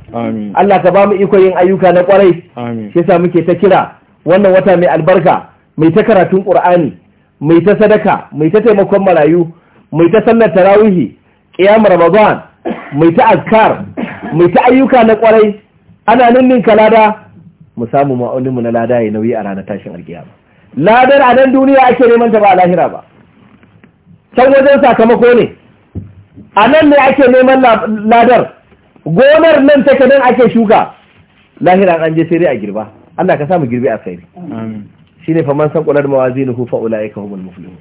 Allah ka ba mu iko yin ayyuka na kwarai shi yasa muke ta kira wannan wata mai albarka mai ta karatun qur'ani mai ta sadaka mai ta taimakon marayu mai ta sallar tarawihi qiyam ramadan mai ta azkar mai ta ayyuka na kwarai ana nan ninka lada mu samu ma'auninmu na lada ya nauyi a ranar tashin alkiyama ladar a nan duniya ake neman ta ba a lahira ba can wajen sakamako ne a nan ne ake neman ladar gonar nan take nan ake shuka lahira an je sai a girba Allah ka samu girbi a kai shine fa man saqulat mawazinuhu fa ulaika humul muflihun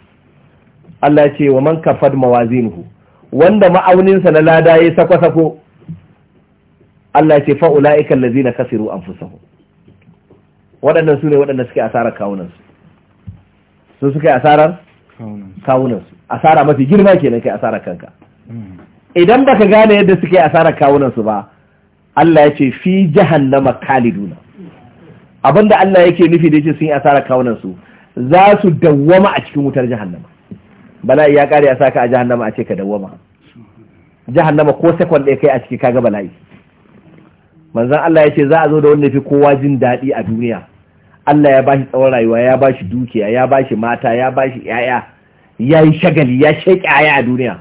Allah ya ce wa man kafad mawazinuhu wanda ma'auninsa na lada ya sako sako Allah ya ce fa ulaika allazina kasiru anfusahum waɗannan su ne waɗanda suke asarar kawunansu sun suka yi asarar kawunansu asara mafi girma kenan kai asarar kanka mm. idan baka gane yadda suka yi asarar kawunansu ba Allah ya ce fi jahannama kaliduna abinda Allah yake nufi da yake sun yi asarar kawunansu za su dawwama a cikin wutar jahannama bala'i ya kare ya saka a jahannama a ce ka dawwama jahannama ko sekon ɗaya kai a ciki kaga bala'i manzon Allah ya ce za a zo da wanda fi kowa jin daɗi a duniya Allah ya bashi tsawon rayuwa ya bashi dukiya ya bashi mata ya bashi yaya ya yi shagali ya sheƙi aya a duniya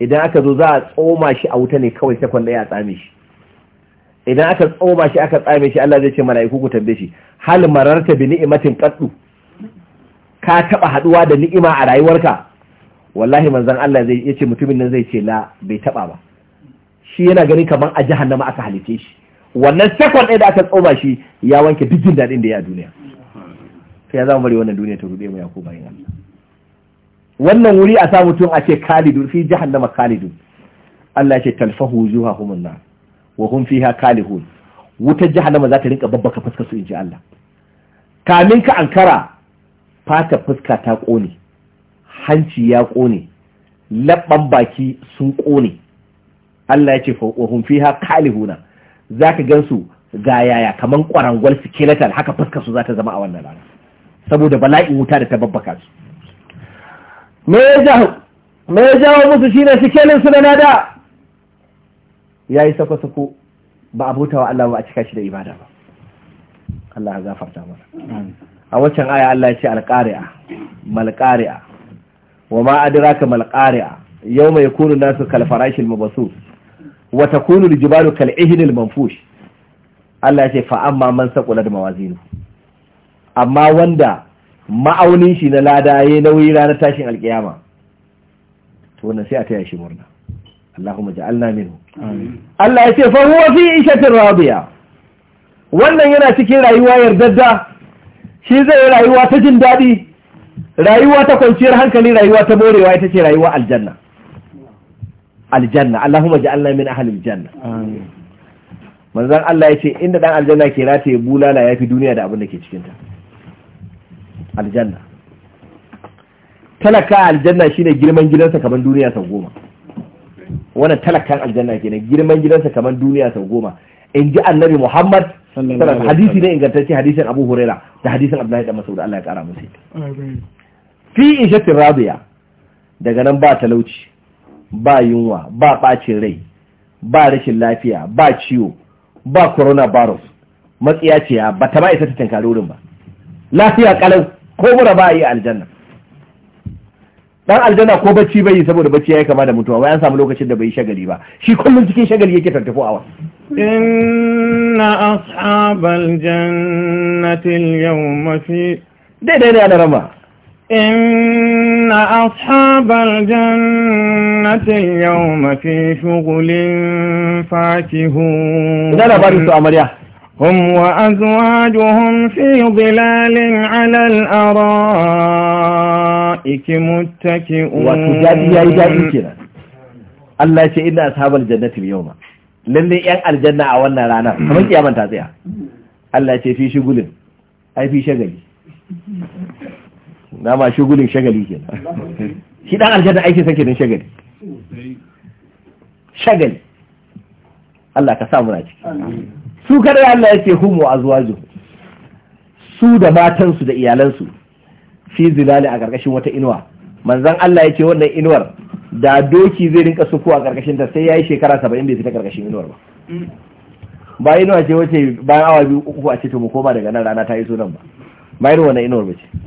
idan aka zo za a tsoma shi a wuta ne kawai sakon ɗaya a tsame shi idan aka tsoma shi aka tsame shi Allah zai ce mala'iku ku tambaye shi hal mararta bi ni'imatin qaddu ka taba haduwa da ni'ima a rayuwarka wallahi manzon Allah zai yace mutumin nan zai ce la bai taba ba shi yana gani kaman a jahannama aka halice shi wannan second ɗaya da aka tsoma shi ya wanke duk jin daɗin da ya duniya sai ya zama bari wannan duniya ta rube mu ya koma yin Allah wannan wuri a sa mutum a ce khalidu fi jahannama khalidu Allah ya ce talfahu zuha nar wa hum fiha kalihun wutar jahannama za ta rinka babbaka fuskar su in ji Allah kamin ka ankara fata fuska ta kone hanci ya kone labban baki sun kone Allah ya ce wa hum fiha kalihuna za ka gansu ga yaya kamar kwarangwal skeletal haka fuskar su za ta zama a wannan rana saboda bala'in wuta da ta babbaka su me ya jawo musu shi ne sikelin su da nada yi sako sako ba abuta wa Allah ba a cika shi da ibada ba Allah ya gafarta masa a waccan aya Allah ya ce alqari'a malqari'a wa ma adraka malqari'a yawma yakunu nasu kalfarashil mabasus Wata kunu da jibalu kal ihnil manfush Allah ya ce fa amma man da mawazinu amma wanda ma'aunin shi na lada yayi nauyi ranar tashin alkiyama to wannan sai a taya shi murna Allahumma ja'alna minhu amin Allah ya ce fa huwa fi ishatin radiya wannan yana cikin rayuwa yardadda shi zai rayuwa ta jin daɗi rayuwa ta kwanciyar hankali rayuwa ta morewa ita ce rayuwa aljanna aljanna Allahumma ja'alna min ahli aljanna manzon Allah ya ce inda dan aljanna ke rataye bulala ya fi duniya da abin da ke cikinta aljanna talaka aljanna shine girman gidansa kaman duniya sau goma wannan talakan aljanna kenan girman gidansa kaman duniya sau goma in ji annabi Muhammad hadisi ne ingantacce hadisin Abu Huraira da hadisin Abdullahi dan Mas'ud Allah ya kara musu fi ishatir shatin radiya daga nan ba talauci ba yunwa ba ɓacin rai ba rashin lafiya ba ciwo ba coronavirus matsiya ce ba ta ma isa ta tankari wurin ba lafiya kalau ko mura ba yi aljanna dan aljanna ko bacci bai yi saboda bacci yi kama da mutuwa bayan samu lokacin da bai shagali ba shi kullum cikin shagali yake a wasu. inna ashabal jannati al-yawma fi daidai ne ana rama إن أصحاب الجنة اليوم في شغل فاكهون إذا لبارك أمريا هم وأزواجهم في ظلال على الأرائك متكئون وتجادي يا إجابي كنا الله يشاء إن أصحاب الجنة اليوم lalle yan الجنة أولنا لعنا rana kamar kiyaman ta tsaya Allah ya ce fi shugulin ai fi na ma gudun shagali ke shi dan aljanna aiki sake din shagali shagali Allah ka sa muna ciki su kada Allah yake humu zuwa su da matansu da iyalansu fi zilali a ƙarƙashin wata inuwa manzan Allah yake wannan inuwar da doki zai rinka suku a ƙarƙashin ta sai ya yi shekara saba'in bai fita ƙarƙashin inuwar ba ba inuwa ce wace bayan awa biyu uku a ce mu koma daga nan rana ta iso nan ba ba irin wannan inuwar ba ce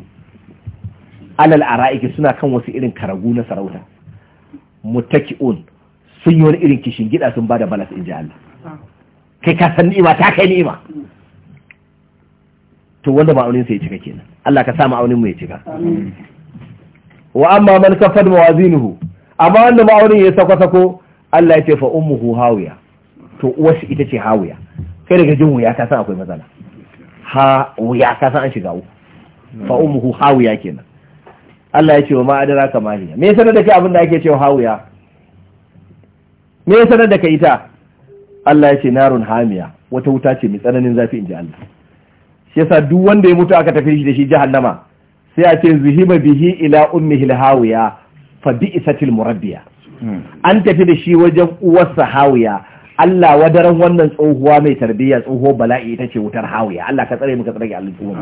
alal ara'iki suna kan wasu irin karagu na sarauta mutaki'un sun yi wani irin kishin gida sun bada balas in ji Allah kai ka san ni'ima ta kai ni'ima to wanda ma'aunin sai ya cika kenan Allah ka sa ma'aunin mu ya cika wa amma man kafad mawazinuhu amma wanda ma'aunin ya sako sako Allah ya ce fa ummuhu hawiya to uwarsa ita ce hawiya kai daga jin wuya ka san akwai matsala ha wuya ka san an shiga uku fa ummuhu hawiya kenan Allah ya ce wa ma'adara kama me sanar da kai abin da ake cewa hawiya me sanar da kai ita Allah ya ce narun hamiya wata wuta ce mai tsananin zafi in ji Allah shi yasa duk wanda ya mutu aka tafi shi da shi jahannama sai a ce zuhiba bihi ila ummihi hawiya fa bi'isatil murabbiya hmm. an tafi da shi wajen uwarsa hawiya Allah wadaran wannan tsohuwa mai tarbiyya tsohuwar bala'i ita ce wutar hawiya Allah ka tsare muka tsare Allah tsoho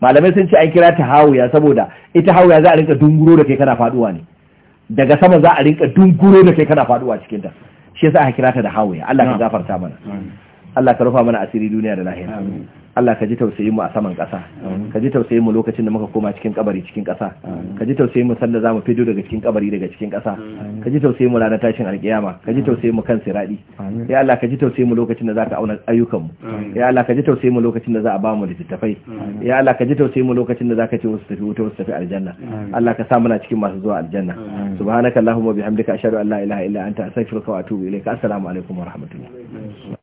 malamai sun ce an kira ta hawiya saboda ita hawiya za a rinka dunguro da kai kana faduwa ne daga sama za a rinka dunguro da kai kana faduwa cikin ta shi yasa aka kira ta da hawiya Allah ka gafarta mana Allah ka rufa mana asiri duniya da lahira Allah ka ji tausayin mu a saman ƙasa ka ji tausayin mu lokacin da muka koma cikin kabari cikin ƙasa ka ji tausayin mu sanda zamu fito daga cikin kabari daga cikin ƙasa ka ji tausayin mu ranar tashin alƙiyama ka ji tausayin mu kan siradi ya Allah ka ji tausayin mu lokacin da zaka auna ayyukan mu ya Allah ka ji tausayin mu lokacin da za a ba mu littattafai ya Allah ka ji tausayin mu lokacin da zaka ce wasu tafi wuta wasu tafi aljanna Allah ka sa muna cikin masu zuwa aljanna subhanakallahumma bihamdika ashhadu an la ilaha illa anta astaghfiruka wa atubu ilaika assalamu alaikum wa rahmatullahi